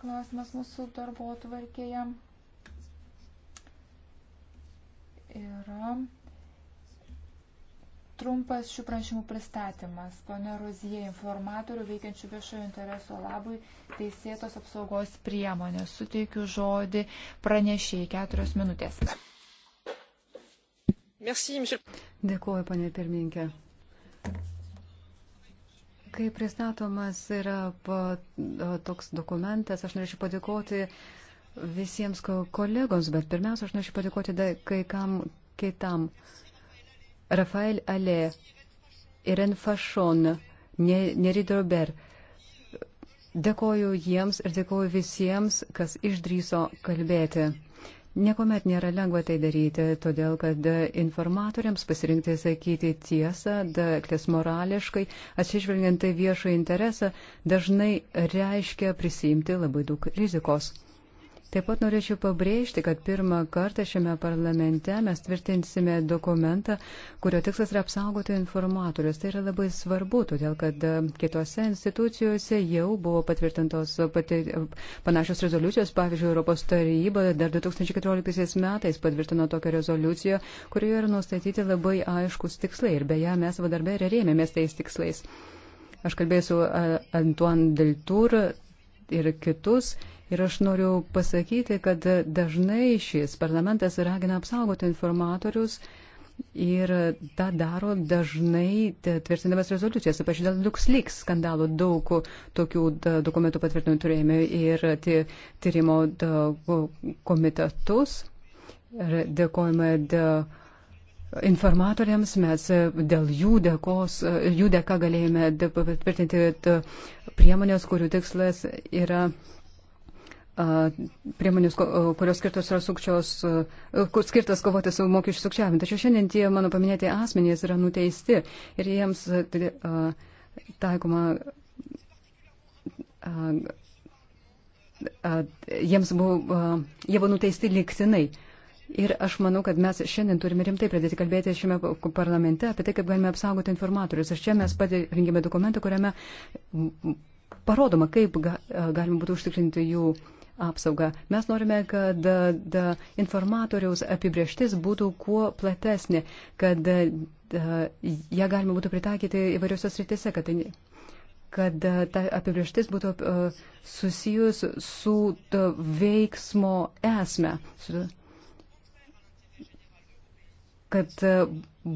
klausimas mūsų darbo tvarkėje yra trumpas šių prašymų pristatymas. Pone Rozie, informatorių veikiančių viešojo intereso labui teisėtos apsaugos priemonės. Suteikiu žodį pranešėjai keturios minutės. Merci, Dėkuoju, panė pirmininkė. Kai pristatomas yra toks dokumentas, aš norėčiau padėkoti visiems kolegoms, bet pirmiausia, aš norėčiau padėkoti kai kam kitam. Rafael Ale, Iren Fašon, Neri Dober. Dėkoju jiems ir dėkoju visiems, kas išdryso kalbėti. Niekuomet nėra lengva tai daryti, todėl kad informatoriams pasirinkti sakyti tiesą, daktis morališkai, atsižvelgiant į viešą interesą, dažnai reiškia prisimti labai daug rizikos. Taip pat norėčiau pabrėžti, kad pirmą kartą šiame parlamente mes tvirtinsime dokumentą, kurio tikslas yra apsaugoti informatorius. Tai yra labai svarbu, todėl kad e, kitose institucijose jau buvo patvirtintos pati, e, panašios rezoliucijos. Pavyzdžiui, Europos taryba dar 2014 metais patvirtino tokią rezoliuciją, kurioje yra nustatyti labai aiškus tikslai. Ir beje, mes vadarbė ir rėmėmės tais tikslais. Aš kalbėsiu e, Antoine Deltour ir kitus Ir aš noriu pasakyti, kad dažnai šis parlamentas ragina apsaugoti informatorius ir tą daro dažnai tvirtindamas rezoliucijas. Ypač dėl LuxLeaks skandalo daug tokių dokumentų patvirtinimų turėjome ir tyrimo komitetus. Ir dėkojame informatoriams, mes dėl jų, dėkos, jų dėka galėjome patvirtinti priemonės, kurių tikslas yra priemonės, kurios skirtos yra sukčios, kur skirtas kovoti su mokesčių sukčiavimu. Tačiau šiandien tie mano paminėti asmenys yra nuteisti ir jiems tai, taikoma. Jiems buvo, jie buvo nuteisti liktinai. Ir aš manau, kad mes šiandien turime rimtai pradėti kalbėti šiame parlamente apie tai, kaip galime apsaugoti informatorius. Ir čia mes parengėme dokumentą, kuriame parodoma, kaip ga, galima būtų užtikrinti jų uh, apsaugą. Mes norime, kad da, da, informatoriaus apibrieštis būtų kuo platesnė, kad da, ją galima būtų pritaikyti įvairiose sritise, kad, tai kad ta apibrieštis būtų uh, susijus su to veiksmo esme. Su, kad,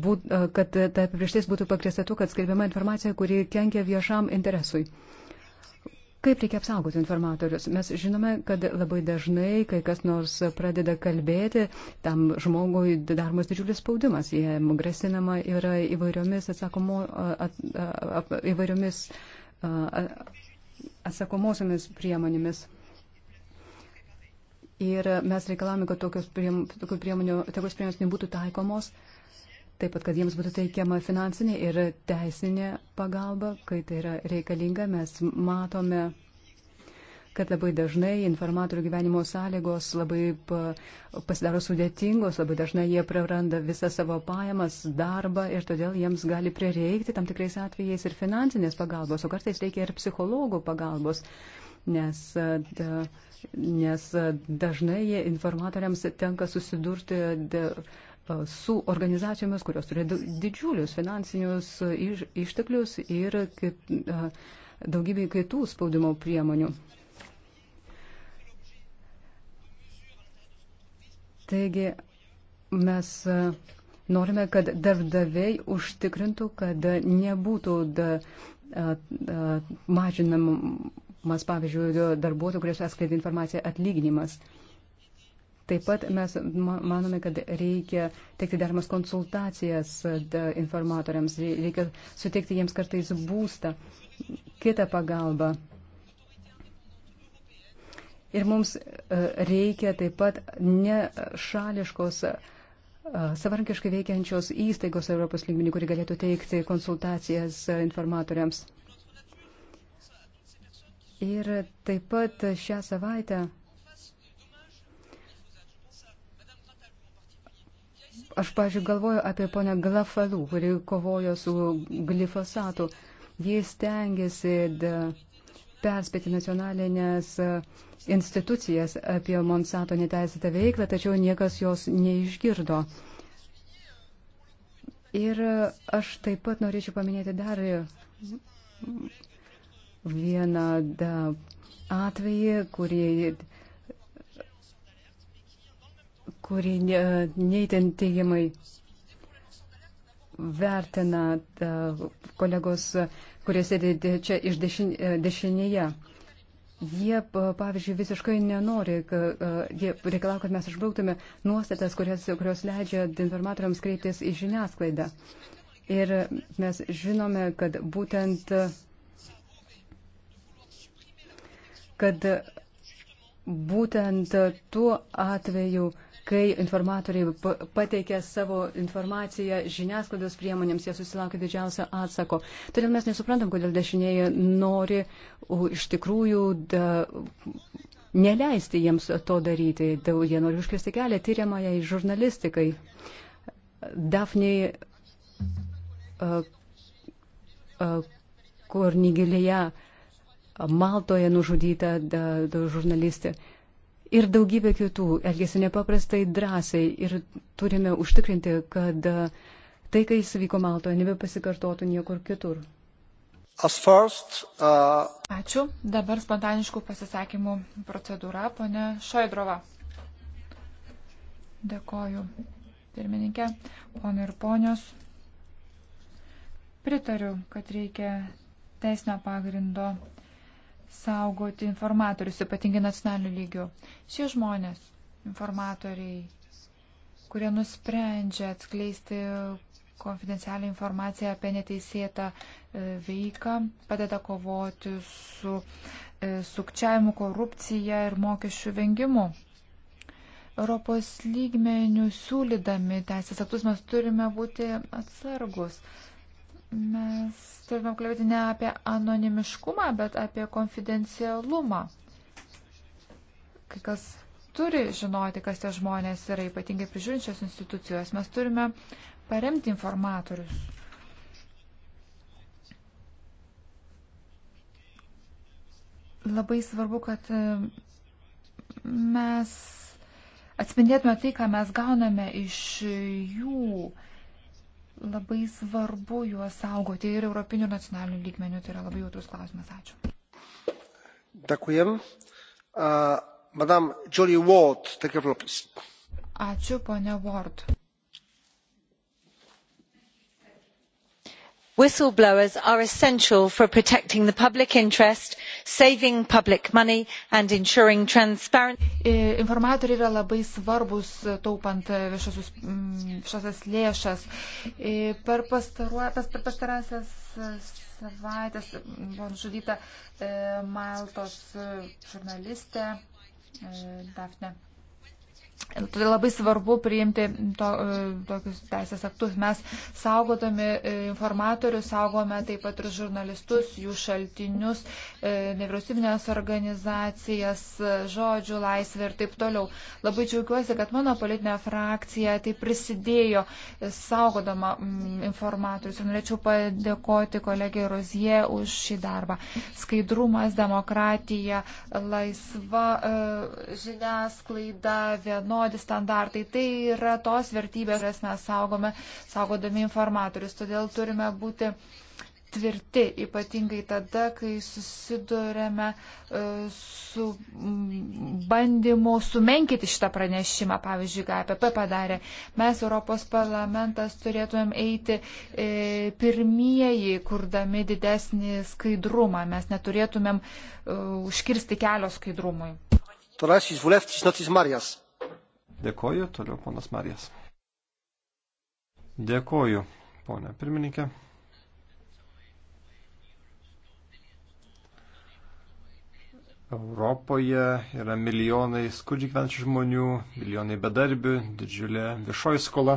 būt, kad ta apibrieštis būtų pagrėsta tuo, kad skelbiama informacija, kuri kenkia viešam interesui. Uh, Kaip reikia apsaugoti informatorius? Mes žinome, kad labai dažnai, kai kas nors pradeda kalbėti, tam žmogui daromas didžiulis spaudimas. Jie grasinama yra įvairiomis, atsakomo, at, at, įvairiomis atsakomosiomis priemonėmis. Ir mes reikalavome, kad tokios priemonių, tokios priemonių nebūtų taikomos. Taip pat, kad jiems būtų teikiama finansinė ir teisinė pagalba, kai tai yra reikalinga, mes matome, kad labai dažnai informatorių gyvenimo sąlygos labai pasidaro sudėtingos, labai dažnai jie praranda visą savo pajamas, darbą ir todėl jiems gali prireikti tam tikrais atvejais ir finansinės pagalbos, o kartais reikia ir psichologų pagalbos nes, nes dažnai informatoriams tenka susidurti su organizacijomis, kurios turi didžiulius finansinius e, iš, išteklius ir kaip, e, daugybė kitų spaudimo priemonių. Taigi mes e, norime, kad darbdaviai užtikrintų, kad nebūtų da, a, a, mažinamas, pavyzdžiui, darbuotojų, kurie atskleidė informaciją atlyginimas. A, Taip pat mes manome, kad reikia teikti deramas konsultacijas informatoriams, reikia suteikti jiems kartais būstą, kitą pagalbą. Ir mums e, reikia taip pat nešališkos, e, savarankiškai veikiančios įstaigos Europos lygmenių, kuri galėtų teikti konsultacijas e, informatoriams. Ir taip pat šią savaitę Aš, pažiūrėjau, galvoju apie ponę Glafalų, kuri kovojo su glifosatu. Jis tengiasi perspėti nacionalinės institucijas apie Monsanto neteisėtą veiklą, tačiau niekas jos neišgirdo. Ir aš taip pat norėčiau paminėti dar vieną atvejį, kurį kuri e, neįtin teigiamai vertina e, kolegos, kurie sėdi čia iš e, dešinėje. Jie, pavyzdžiui, visiškai nenori, jie reikalauja, kad mes išbrauktume nuostatas, kurios, kurios leidžia informatoriams kreiptis į žiniasklaidą. Ir mes žinome, kad būtent, kad būtent tuo atveju, kai informatoriai pateikia savo informaciją žiniasklaidos priemonėms, jie susilaukia didžiausio atsako. Todėl mes nesuprantam, kodėl dešinieji nori iš tikrųjų da, neleisti jiems to daryti. Da, jie nori užkirsti kelią tyriamąjai žurnalistikai. Dafniai uh, uh, Kornigilėje Maltoje nužudyta da, da, žurnalistė. Uh, ir daugybė kitų elgėsi nepaprastai drąsiai ir turime užtikrinti, kad tai, kai jis vyko Maltoje, nebepasikartotų niekur kitur. First, uh... Ačiū. Dabar spontaniškų pasisakymų procedūra, ponė Šoidrova. Dėkoju, pirmininkė, ponai ir ponios. Pritariu, kad reikia teisinio pagrindo saugoti informatorius, ypatingai nacionaliniu lygiu. Šie žmonės, informatoriai, kurie nusprendžia atskleisti konfidencialią informaciją apie neteisėtą e, veiką, padeda kovoti su e, sukčiavimu, korupcija ir mokesčių vengimu. Europos lygmenių siūlydami teisės aktus mes turime būti atsargus. Mes turime kalbėti ne apie anonimiškumą, bet apie konfidencialumą. Kai kas turi žinoti, kas tie žmonės yra, ypatingai prižiūrinčios institucijos. Mes turime paremti informatorius. Labai svarbu, kad e, mes atspindėtume tai, ką mes gauname iš jų labai svarbu juos saugoti ir europinių nacionalinių lygmenių. Tai yra labai jautrus klausimas. Ačiū. Dėkujem. Uh, Madame Jolie Ward, take a Ačiū, ponia Ward. whistle blowers are essential for protecting the public interest saving public money and ensuring transparency. informatoriai yra labai svarbus e, taupant e, viešasias, mm, viešasias lėšas. E, per, pastaruo, pas, per pastarąsias savaitės buvo nužudyta Maltos žurnalistė Dafne Todėl labai svarbu priimti to, e, tokius teisės aktus. Mes saugotami e, informatorius, saugome taip pat ir žurnalistus, jų šaltinius, e, nevyriausybinės organizacijas, žodžių laisvę ir taip toliau. Labai džiaugiuosi, kad mano politinė frakcija tai prisidėjo saugodama informatorius. Ir norėčiau padėkoti kolegijai Rozie už šį darbą. Skaidrumas, demokratija, laisva žiniasklaida, viena vienodi standartai. Tai yra tos vertybės, kurias mes saugome, saugodami informatorius. Todėl turime būti tvirti, ypatingai tada, kai susidurėme e, su bandymu sumenkyti šitą pranešimą, pavyzdžiui, ką APP padarė. Mes, Europos parlamentas, turėtumėm eiti e, pirmieji, kurdami didesnį skaidrumą. Mes neturėtumėm e, užkirsti kelio skaidrumui. Torasis Vuleftis Notis Marijas. Dėkoju, toliau ponas Marijas. Dėkoju, ponė pirmininkė. Europoje yra milijonai skurdžiai gyvenančių žmonių, milijonai bedarbių, didžiulė viešoji skola.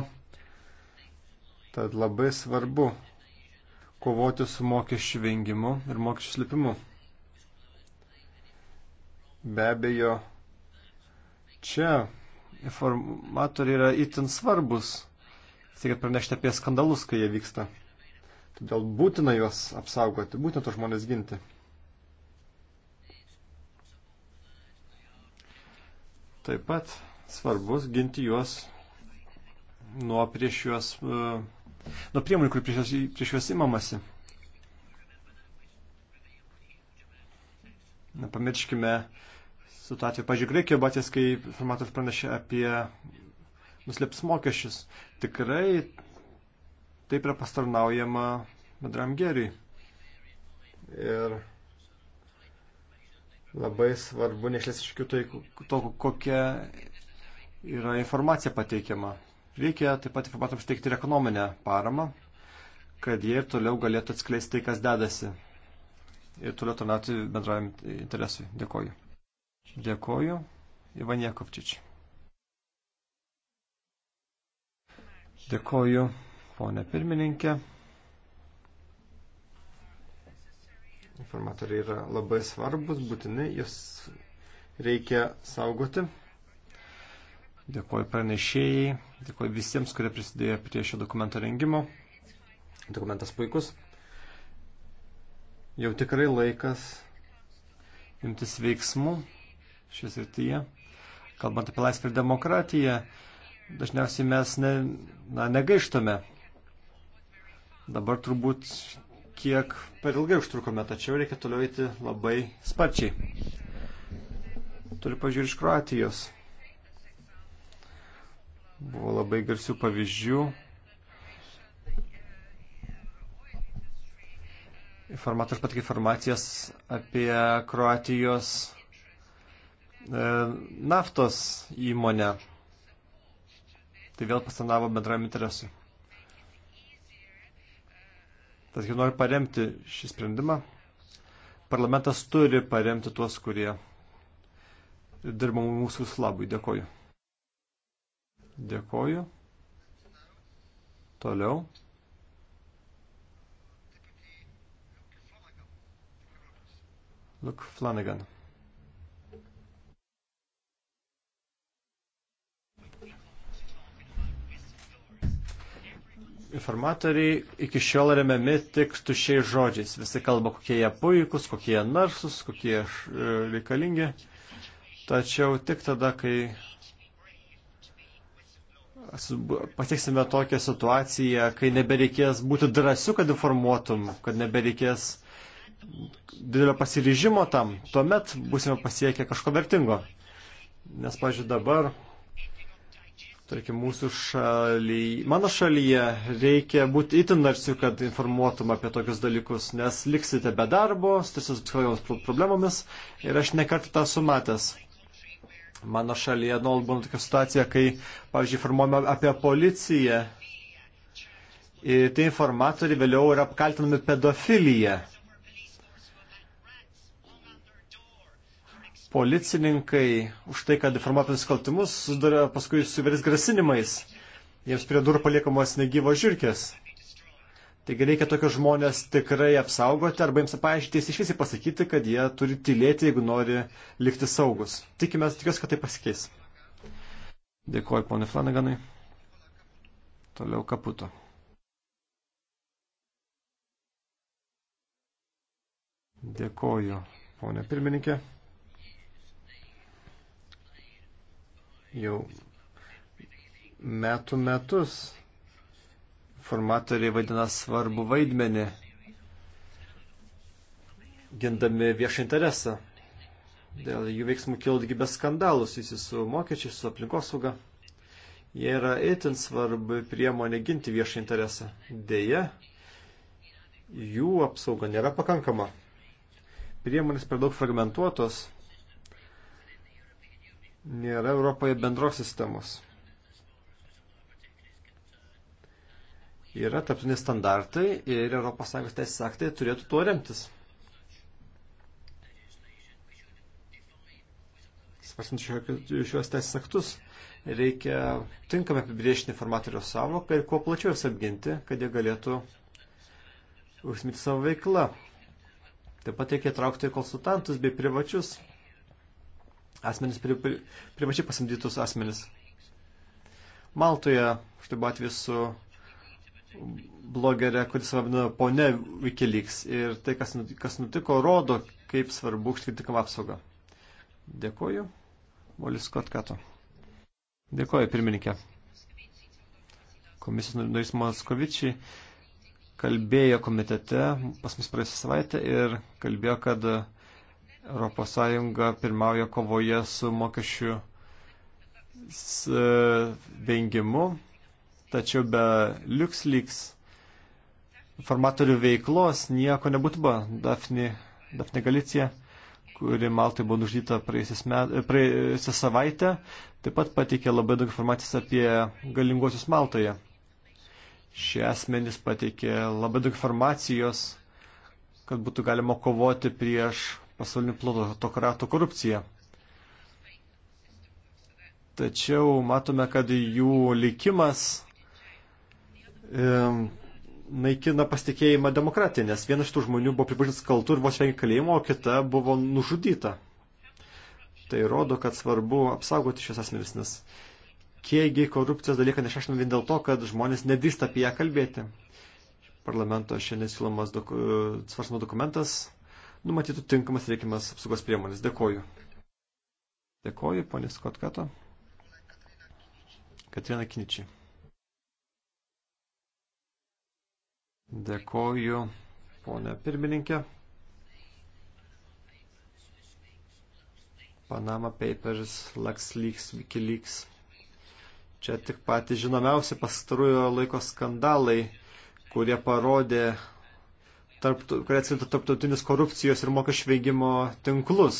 Tad labai svarbu kovoti su mokesčių vengimu ir mokesčių slipimu. Be abejo, čia informatoriai yra itin svarbus, siekiant pranešti apie skandalus, kai jie vyksta. Todėl būtina juos apsaugoti, būtina tos žmonės ginti. Taip pat svarbus ginti juos nuo prieš juos, e, nuo priemonių, kur prieš juos, prieš juos imamasi. Nepamirškime situacijų. Pavyzdžiui, Graikijoje buvo atvejis, kai informatorius pranešė apie nuslėps mokesčius. Tikrai taip yra pastarnaujama bendram geriui. Ir labai svarbu neišlės iš kitų tai, to, kokia yra informacija pateikiama. Reikia taip pat informatoriams teikti ir ekonominę paramą, kad jie ir toliau galėtų atskleisti tai, kas dedasi. Ir toliau tarnauti bendravim interesui. Dėkoju. Dėkoju. Ivan Jakovčič. Dėkoju, ponė pirmininkė. Informatoriai yra labai svarbus, būtinai jūs reikia saugoti. Dėkoju pranešėjai, dėkoju visiems, kurie prisidėjo prie šio dokumento rengimo. Dokumentas puikus. Jau tikrai laikas imtis veiksmų šis rytyje. Kalbant apie laisvę ir demokratiją, dažniausiai mes ne, na, negaištame. Dabar turbūt kiek per ilgai užtrukome, tačiau reikia toliau eiti labai sparčiai. Turiu pažiūrį iš Kroatijos. Buvo labai garsių pavyzdžių. Informatorius patikė informacijas apie Kroatijos E, naftos įmonę. Tai vėl pastanavo bendram interesui. Tad kai noriu paremti šį sprendimą, parlamentas turi paremti tuos, kurie dirba mūsų labui. Dėkoju. Dėkoju. Toliau. Luke Flanagan. informatoriai iki šiol remiami tik tušiais žodžiais. Visi kalba, kokie jie puikūs, kokie jie narsus, kokie jie reikalingi. Tačiau tik tada, kai pasieksime tokią situaciją, kai nebereikės būti drąsiu, kad informuotum, kad nebereikės didelio pasiryžimo tam, tuomet būsime pasiekę kažko vertingo. Nes, pažiūrėjau, dabar Tarkim, mūsų šalyje, mano šalyje reikia būti itin narsiu, kad informuotum apie tokius dalykus, nes liksite be darbo, stresas psichologijoms problemomis ir aš nekartą tą sumatęs. Mano šalyje nuolat būna tokia situacija, kai, pavyzdžiui, informuojame apie policiją ir tie informatoriai vėliau yra apkaltinami pedofilija. policininkai už tai, kad informuotų nusikaltimus, sudarė paskui su įvairiais grasinimais. Jiems prie durų paliekamos negyvos žirkės. Taigi reikia tokius žmonės tikrai apsaugoti arba jiems paaiškinti, iš visai pasakyti, kad jie turi tylėti, jeigu nori likti saugus. Tikimės, tikiuosi, kad tai pasikeis. Dėkuoju, ponė Flanaganai. Toliau kaputo. Dėkoju, ponė pirmininkė. jau metų metus formatoriai vaidina svarbu vaidmenį, gindami viešą interesą. Dėl jų veiksmų kilo daugybė skandalų susijusių su mokesčiais, su aplinkosauga. Jie yra itin svarbi priemonė ginti viešą interesą. Deja, jų apsauga nėra pakankama. Priemonės per daug fragmentuotos nėra Europoje bendros sistemos. Yra tarptautiniai standartai ir ES teisės aktai turėtų tuo remtis. Svarstant šiuos teisės aktus, reikia tinkamai apibriežti informatorio savoką ir kuo plačiau jas apginti, kad jie galėtų užsimti savo veiklą. Taip pat reikia traukti konsultantus bei privačius asmenis prie, prie, prie mačiai pasamdytus asmenis. Maltoje, štai buvo atvejis su blogerė, kuris vadina ponė Wikileaks. Ir tai, kas, kas nutiko, rodo, kaip svarbu užtikrinti kam apsaugą. Dėkoju. Molis Kotkato. Dėkoju, pirmininkė. Komisijos narys Moskovičiai kalbėjo komitete pas mus praėjusią savaitę ir kalbėjo, kad ES pirmauja kovoje su mokesčių vengimu, tačiau be LuxLeaks informatorių veiklos nieko nebūtų buvo. Dafni, Dafni Galicija, kuri Maltai buvo nužudyta praėjusią savaitę, taip pat pateikė labai daug informacijos apie galinguosius Maltoje. Šie asmenys pateikė labai daug informacijos, kad būtų galima kovoti prieš pasaulinių plutokratų korupcija. Tačiau matome, kad jų likimas e, naikina pasitikėjimą demokratiją, nes vienas iš tų žmonių buvo pripažintas kaltu ir buvo švengi kalėjimo, o kita buvo nužudyta. Tai rodo, kad svarbu apsaugoti šios asmenys, nes kiekgi korupcijos dalyką nešašinam vien dėl to, kad žmonės nedrįsta apie ją kalbėti. Parlamento šiandien siūlomas doku, svarstymo dokumentas numatytų tinkamas reikiamas apsaugos priemonės. Dėkoju. Dėkoju, ponė Skotkato. Katrina Kiničiai. Dėkoju, ponė pirmininkė. Panama Papers, LuxLeaks, WikiLeaks. Čia tik patys žinomiausi pastarųjo laiko skandalai, kurie parodė, tarp, kurie atskirtų tarptautinius korupcijos ir mokesčių veigimo tinklus.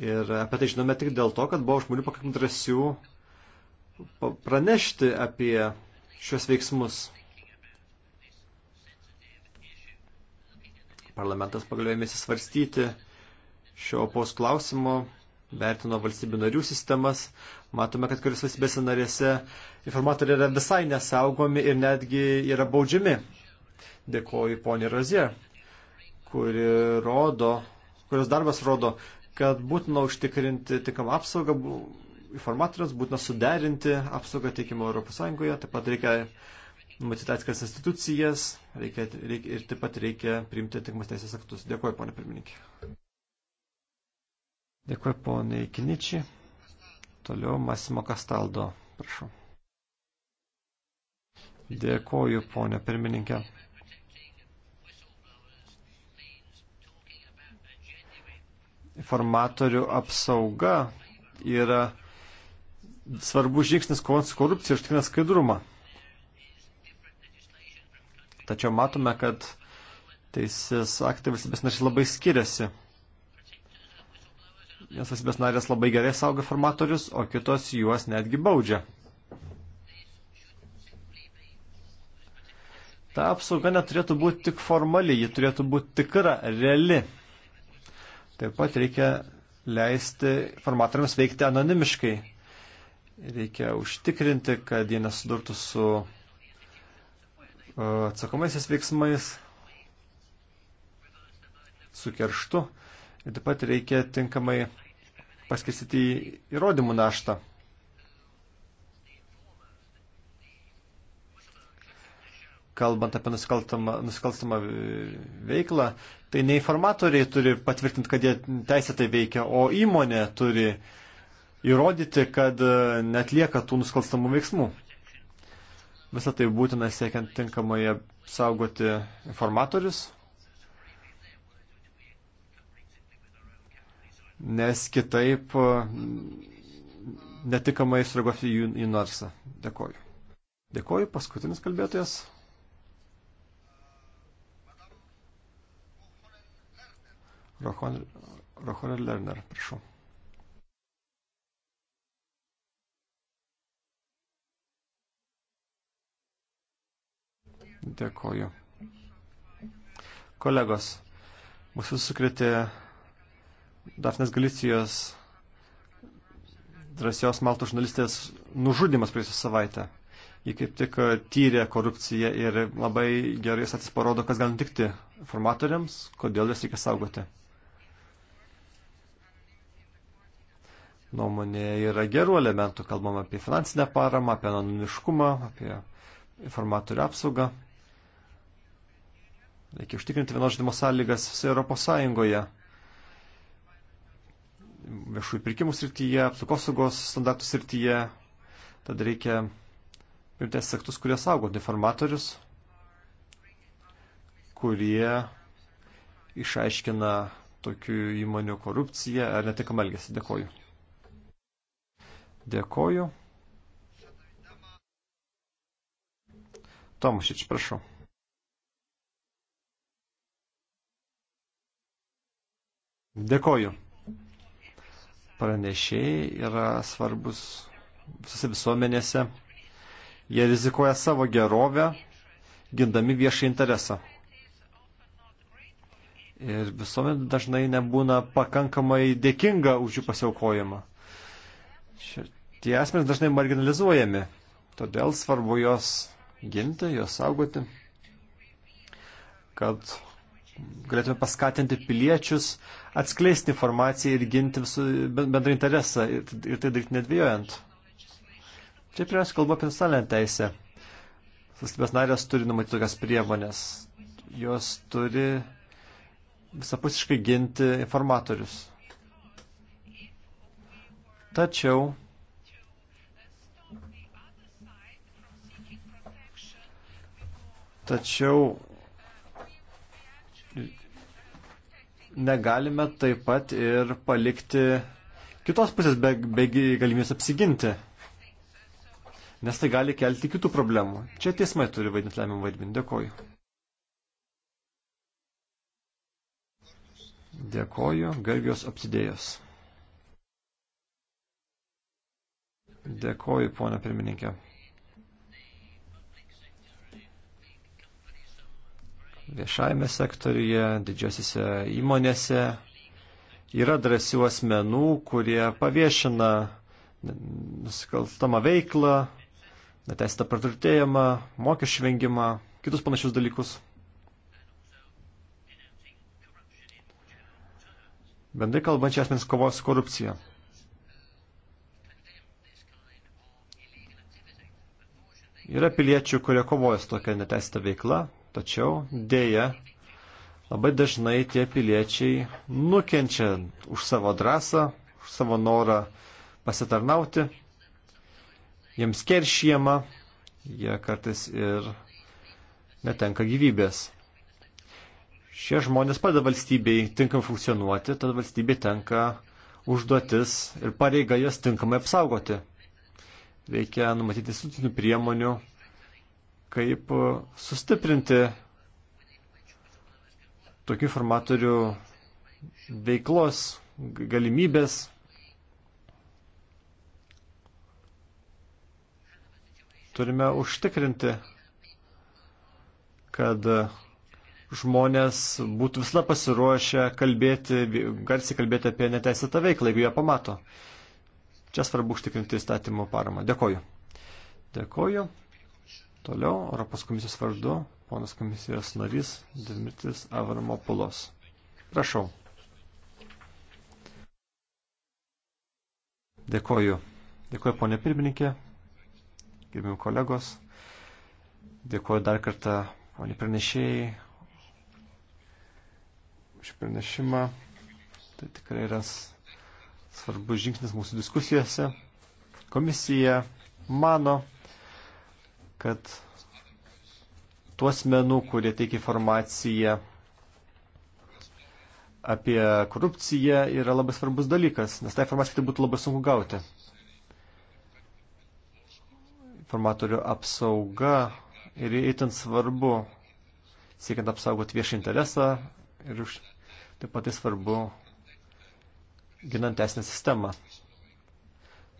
Ir apie tai žinome tik dėl to, kad buvo žmonių pakankamai drąsių pranešti apie šios veiksmus. Parlamentas pagaliau ėmėsi svarstyti šio opos klausimo, vertino valstybių narių sistemas. Matome, kad kuris valstybėse narėse informatoriai yra visai nesaugomi ir netgi yra baudžiami. Dėkoju ponė Razė, kuri rodo, kurios darbas rodo, kad būtina užtikrinti tinkamą apsaugą informatoriams, būtina suderinti apsaugą teikimo ES, taip pat reikia numatyti atskiras institucijas reikia, reikia, ir taip pat reikia priimti tinkamus teisės aktus. Dėkuoju, ponė pirmininkė. Dėkuoju, ponė Kiničiai. Toliau Masimo Kastaldo, prašau. Dėkuoju, ponė pirmininkė. informatorių apsauga yra svarbus žingsnis kovant su korupcija ir užtikrina skaidrumą. Tačiau matome, kad teisės aktai valstybės narės labai skiriasi. Nes valstybės narės labai gerai saugo formatorius, o kitos juos netgi baudžia. Ta apsauga neturėtų būti tik formali, ji turėtų būti tikra, reali. Taip pat reikia leisti informatoriams veikti anonimiškai. Reikia užtikrinti, kad jie nesudurtų su uh, atsakomaisiais veiksmais, su kerštu. Ir taip pat reikia tinkamai paskirstyti įrodymų naštą. kalbant apie nusikalstamą veiklą, tai ne informatoriai turi patvirtinti, kad jie teisėtai veikia, o įmonė turi įrodyti, kad e, netlieka tų nusikalstamų veiksmų. Visą tai būtina siekiant tinkamai apsaugoti informatorius, nes kitaip e, netikamai sureaguosiu į narsą. Dėkoju. Dėkoju, paskutinis kalbėtojas. Rohorer Lerner, prašau. Dėkoju. Kolegos, mūsų sukrėtė Dafnės Galicijos drąsios Maltų žurnalistės nužudimas praėjusią savaitę. Ji kaip tik tyrė korupciją ir labai gerai jis atsiparodo, kas gali nutikti formatoriams, kodėl jas reikia saugoti. nuomonėje yra gerų elementų. Kalbam apie finansinę paramą, apie anonimiškumą, apie informatorių apsaugą. Reikia užtikrinti vienos žaidimo sąlygas visoje Europos Sąjungoje. Viešųjų pirkimų srityje, apsaukosaugos standartų srityje. Tad reikia pirties aktus, kurie saugot informatorius, kurie išaiškina tokių įmonių korupciją ar netikamą elgesį. Dėkoju. Dėkoju. Tomašič, prašau. Dėkoju. Pranešėjai yra svarbus visose visuomenėse. Jie rizikuoja savo gerovę, gindami viešą interesą. Ir visuomenė dažnai nebūna pakankamai dėkinga už jų pasiaukojimą. Šie, tie asmenys dažnai marginalizuojami, todėl svarbu juos ginti, juos saugoti, kad galėtume paskatinti piliečius atskleisti informaciją ir ginti visų bendrą interesą ir, ir tai daryti nedvėjojant. Čia pirmiausia kalba apie nacionalinę teisę. Valstybės narės turi numatyti tokias priemonės. Jos turi visapusiškai ginti informatorius. Tačiau Tačiau negalime taip pat ir palikti kitos pusės be, be galimybės apsiginti, nes tai gali kelti kitų problemų. Čia teismai turi vaidinti lemiamą vaidmenį. Dėkoju. Dėkoju, Gargijos apsidėjos. Dėkoju, ponė pirmininkė. Viešajame sektoriuje, didžiosiuose įmonėse yra drąsių asmenų, kurie paviešina nusikalstamą veiklą, neteisėtą praturtėjimą, mokesčių vengimą, kitus panašius dalykus. Bendrai kalbant, čia asmenys kovos su korupcija. Yra piliečių, kurie kovoja su tokia neteisėta veikla, tačiau dėja labai dažnai tie piliečiai nukenčia už savo drąsą, už savo norą pasitarnauti. Jiems keršyjama, jie kartais ir netenka gyvybės. Šie žmonės padeda valstybei tinkamai funkcionuoti, tada valstybei tenka užduotis ir pareiga juos tinkamai apsaugoti reikia numatyti institucinių priemonių, kaip uh, sustiprinti tokių informatorių veiklos galimybės. Turime užtikrinti, kad uh, žmonės būtų visada pasiruošę kalbėti, garsiai kalbėti apie neteisėtą veiklą, jeigu jie pamato. Čia svarbu užtikrinti įstatymo paramą. Dėkoju. Dėkoju. Toliau Europos komisijos vardu ponas komisijos narys Dimitris Avramopulos. Prašau. Dėkoju. Dėkoju, ponė pirmininkė, gerbimi kolegos. Dėkoju dar kartą, ponė pranešėjai, už pranešimą. Tai tikrai yra svarbus žingsnis mūsų diskusijose. Komisija mano, kad tuos menų, kurie teikia informaciją apie korupciją, yra labai svarbus dalykas, nes tą informaciją tai būtų labai sunku gauti. Informatorių apsauga ir įtin svarbu, siekiant apsaugoti viešą interesą ir už, taip pat tai svarbu ginant teisinę sistemą.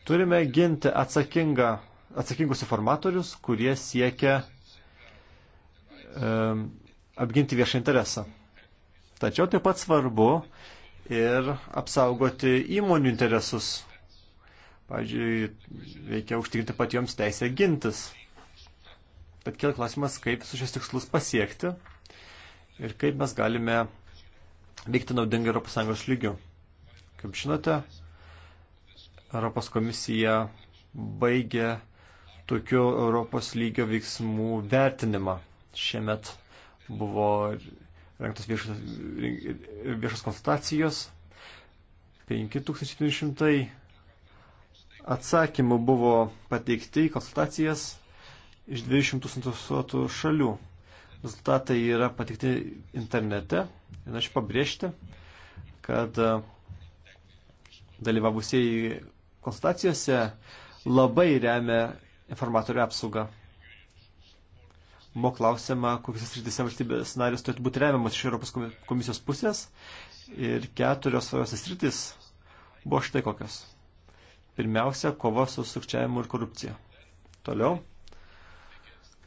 Turime ginti atsakingą, atsakingus informatorius, kurie siekia um, apginti viešą interesą. Tačiau taip pat svarbu ir apsaugoti įmonių interesus. Pavyzdžiui, reikia užtikrinti patiems teisę gintis. Tad kiek klausimas, kaip su šis tikslus pasiekti ir kaip mes galime veikti naudingai ES lygiu. Kaip žinote, Europos komisija baigė tokių Europos lygio veiksmų vertinimą. Šiemet buvo rengtos viešas, viešas konsultacijos, 5700 atsakymų buvo pateikti į konsultacijas iš 200 suinteresuotų šalių. Rezultatai yra pateikti internete ir aš pabrėžti, kad dalyvavusieji konsultacijose labai remia informatorių apsaugą. Buvo klausima, kokias srityse valstybės narės turėtų būti remiamas iš Europos komisijos pusės ir keturios svarbiausias sritis buvo štai kokios. Pirmiausia, kova su sukčiavimu ir korupcija. Toliau,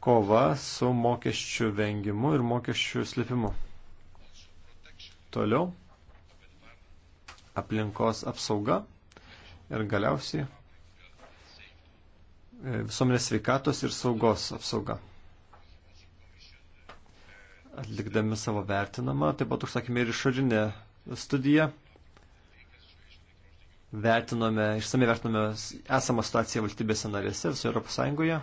kova su mokesčių vengimu ir mokesčių slėpimu. Toliau, aplinkos apsauga ir galiausiai e, visuomenės sveikatos ir saugos apsauga. Atlikdami savo vertinamą, taip pat užsakėme ir išorinę studiją. Vertinome, išsamei vertinome esamą situaciją valstybėse narėse, visoje Europos Sąjungoje.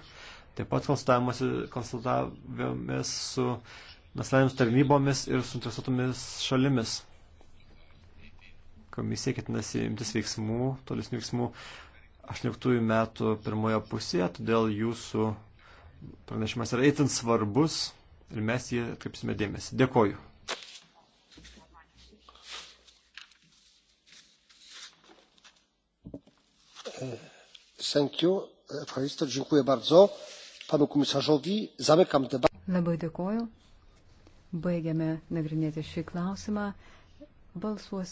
Taip pat konsultavomės su nacionalinėmis tarnybomis ir suinteresuotomis šalimis komisija ketinasi imtis veiksmų, tolesnių veiksmų 18 metų pirmoje pusėje, todėl jūsų pranešimas yra itin svarbus ir mes jį atkreipsime dėmesį. Dėkoju. Labai dėkoju. Baigiame nagrinėti šį klausimą. Balsuos.